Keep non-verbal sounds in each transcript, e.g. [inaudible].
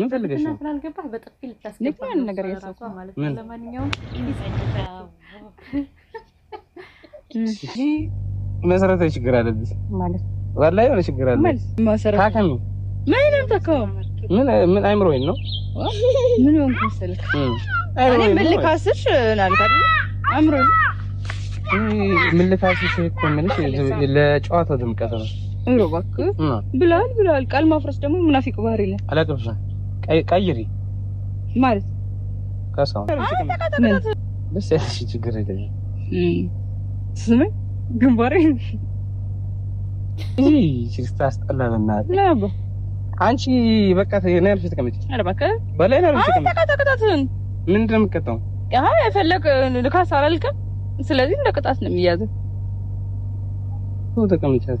ምን ፈልገሽ ነው? ስላልገባህ በጥፊ ልታስገባ ነገር ማለት ነው። ለማንኛውም መሰረታዊ ችግር አለብሽ ማለት ወላሂ የሆነ ችግር አለብሽ። ታከሚ ምንም ተከው ምን ምን አይምሮዬን ነው ምን ወንኩ ስልክ ምን ልካስሽ ናልካል አይምሮዬን ምን ልካስሽ እኮ ምን ለጨዋታው ድምቀት ነው እንደው እባክህ ብለሃል ብለሃል። ቃል ማፍረስ ደግሞ ምናፊቅ ባህሪ የለም። አላቅምሽም። ቀይሪ ማለት ከሰው ያለሽ ችግር የለኝም። ስምኝ ግንባሬ አንቺ በቃ ነርፍ ተቀመጭ። በላይ ነርፍ ተቀመጭ። ምንድን ነው የምትቀጣው? አይ ልካስ አላልክም። ስለዚህ እንደ ቅጣት ነው የሚያዘው። ተቀመጫት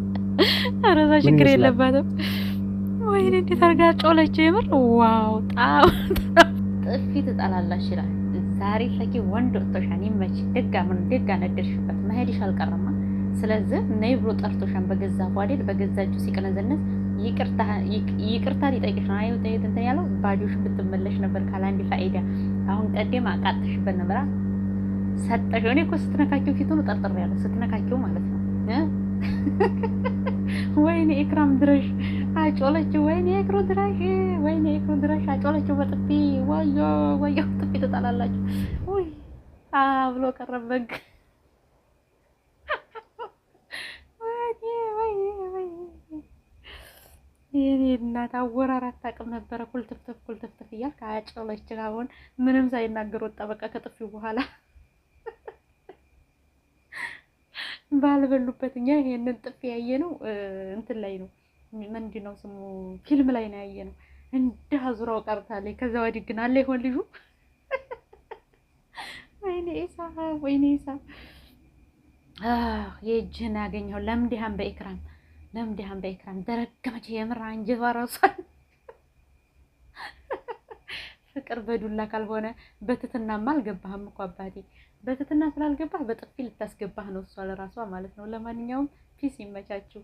ኧረ እዛ ችግር የለባትም። ወይኔ እንዴት አድርጋ ጮለች! የምር ዋው! ጣው ጥፊ ትጠላላሽ ይላል ዛሬ ፈኪ ወንድ ወጥቶሻን ይመች። ደጋ ምን ደጋ ነደርሽበት መሄድሽ አልቀረማ። ስለዚህ ነይ ብሎ ጠርቶሻን በገዛ ጓዴል በገዛ እጁ ሲቀነዘነት ይቅርታ ሊጠይቅሽ ነው። አይ እንትን ያለው ባዶሽ ብትመለሽ ነበር ካላንዲ ፋይዳ አሁን ቀደም አቃጥሽበት ነበራ ሰጠሽ። እኔ እኮ ስትነካኪው ፊቱን ያለው ስትነካኪው ማለት ነው ወይኔ ኤክራም ድረሽ አጮለችው። ወይኔ ኤክሮ ድረሽ፣ ወይኔ ኤክሮ ድረሽ አጮለችው በጥፊ ወዮ ወዮ፣ ጥፊ ትጣላላችሁ። ውይ አ ቀረበግ የኔ እናት አወራር አታውቅም ነበረ። ኩልትፍትፍ ኩልትፍትፍ እያልክ አጮለች። አሁን ምንም ሳይናገር ወጣ በቃ ከጥፊው በኋላ ባልበሉበት እኛ ይሄንን ጥፍ ያየ ነው እንትን ላይ ነው ምንድን ነው ስሙ ፊልም ላይ ነው ያየ ነው። እንደ አዙራው ቀርታለች። ከዛ ወዲህ ግን አለ ይሆን ልጁ [laughs] ወይኔ ኢሳ ወይኔ ኢሳ የእጅህን ያገኘው ለምድሃን በኢክራም ለምድሃን በኢክራም ደረገመች። የምር አንጀቷ ራሷል ፍቅር በዱላ ካልሆነ በትትናማ አልገባህም እኮ አባቴ። በትትና ስላልገባህ በጥፊ ልታስገባህ ነው እሷ ለራሷ ማለት ነው። ለማንኛውም ፒስ ይመቻችሁ።